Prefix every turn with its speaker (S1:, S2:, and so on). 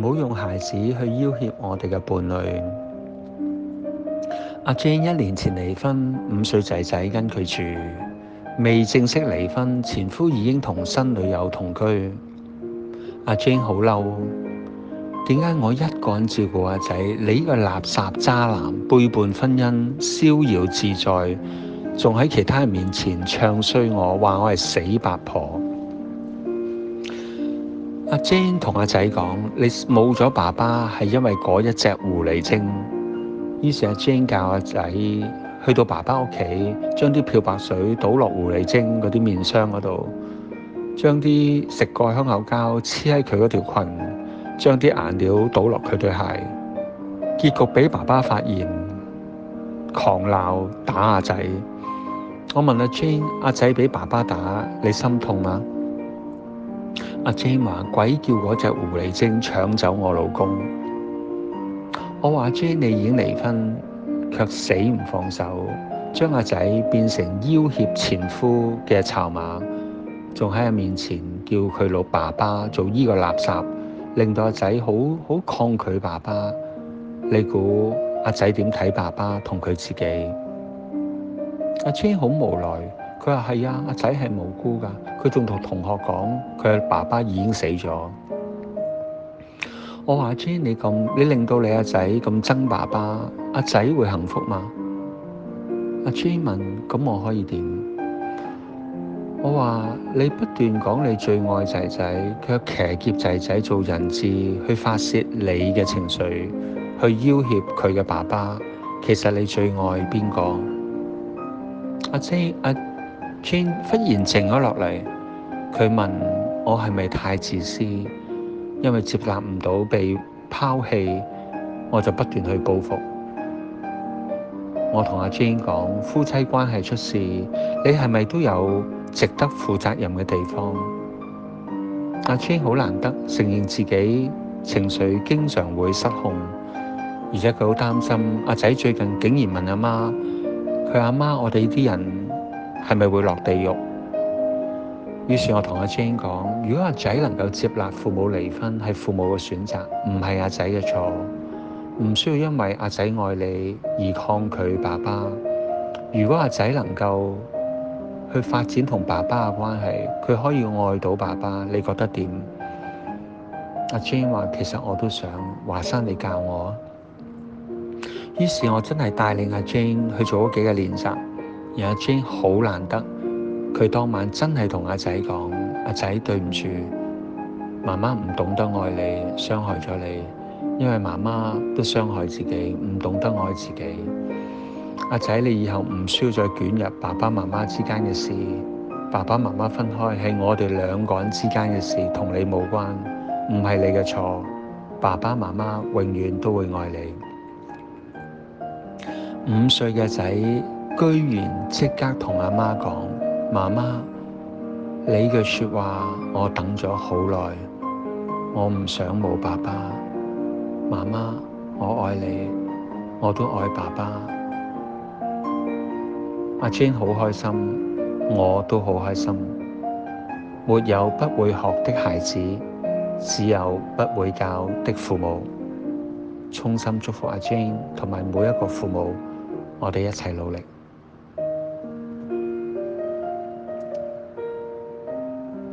S1: 唔好用孩子去要挾我哋嘅伴侶。阿 Jane 一年前離婚，五歲仔仔跟佢住，未正式離婚，前夫已經同新女友同居。阿 Jane 好嬲，點解我一個人照顧阿仔？你呢個垃圾渣男，背叛婚姻，逍遙自在，仲喺其他人面前唱衰我，話我係死八婆。阿 Jane 同阿仔講：你冇咗爸爸，係因為嗰一隻狐狸精。於是阿 Jane 教阿仔去到爸爸屋企，將啲漂白水倒落狐狸精嗰啲面霜嗰度，將啲食過香口膠黐喺佢嗰條裙，將啲顏料倒落佢對鞋。結局俾爸爸發現，狂鬧打阿仔。我問阿、啊、Jane：阿仔畀爸爸打，你心痛嗎？阿 Jane 話，鬼叫嗰隻狐狸精搶走我老公，我話 Jane 你已經離婚，卻死唔放手，將阿仔變成要挾前夫嘅籌碼，仲喺我面前叫佢老爸爸做呢個垃圾，令到阿仔好好抗拒爸爸。你估阿仔點睇爸爸同佢自己？阿 Jane 好無奈。佢話：係啊，阿仔係無辜㗎。佢仲同同學講，佢嘅爸爸已經死咗。我話：阿 J，你咁你令到你阿仔咁憎爸爸，阿仔會幸福嗎？阿、啊、J 問：咁、嗯、我可以點？我話：你不斷講你最愛仔仔，佢卻騎劫仔仔做人質去發泄你嘅情緒，去要挾佢嘅爸爸，其實你最愛邊個？阿 J 阿。Jane 忽然靜咗落嚟，佢問我係咪太自私，因為接納唔到被拋棄，我就不斷去報復。我同阿 Jane 講：夫妻關係出事，你係咪都有值得負責任嘅地方？阿 Jane 好難得承認自己情緒經常會失控，而且佢好擔心阿仔最近竟然問阿媽：佢阿媽，我哋呢啲人，係咪會落地獄？於是，我同阿 Jane 講：如果阿仔能夠接納父母離婚，係父母嘅選擇，唔係阿仔嘅錯，唔需要因為阿仔愛你而抗拒爸爸。如果阿仔能夠去發展同爸爸嘅關係，佢可以愛到爸爸。你覺得點？阿 Jane 話：其實我都想，華山，你教我。於是，我真係帶領阿 Jane 去做咗幾個練習。而阿 Jane 好難得，佢當晚真係同阿仔講：阿仔，對唔住，媽媽唔懂得愛你，傷害咗你，因為媽媽都傷害自己，唔懂得愛自己。阿仔，你以後唔需要再捲入爸爸媽媽之間嘅事。爸爸媽媽分開係我哋兩個人之間嘅事，同你無關，唔係你嘅錯。爸爸媽媽永遠都會愛你。五歲嘅仔。居然即刻同阿媽講：媽媽，你嘅說話我等咗好耐，我唔想冇爸爸。媽媽，我愛你，我都愛爸爸。阿 Jane 好開心，我都好開心。沒有不會學的孩子，只有不會教的父母。衷心祝福阿 Jane 同埋每一個父母，我哋一齊努力。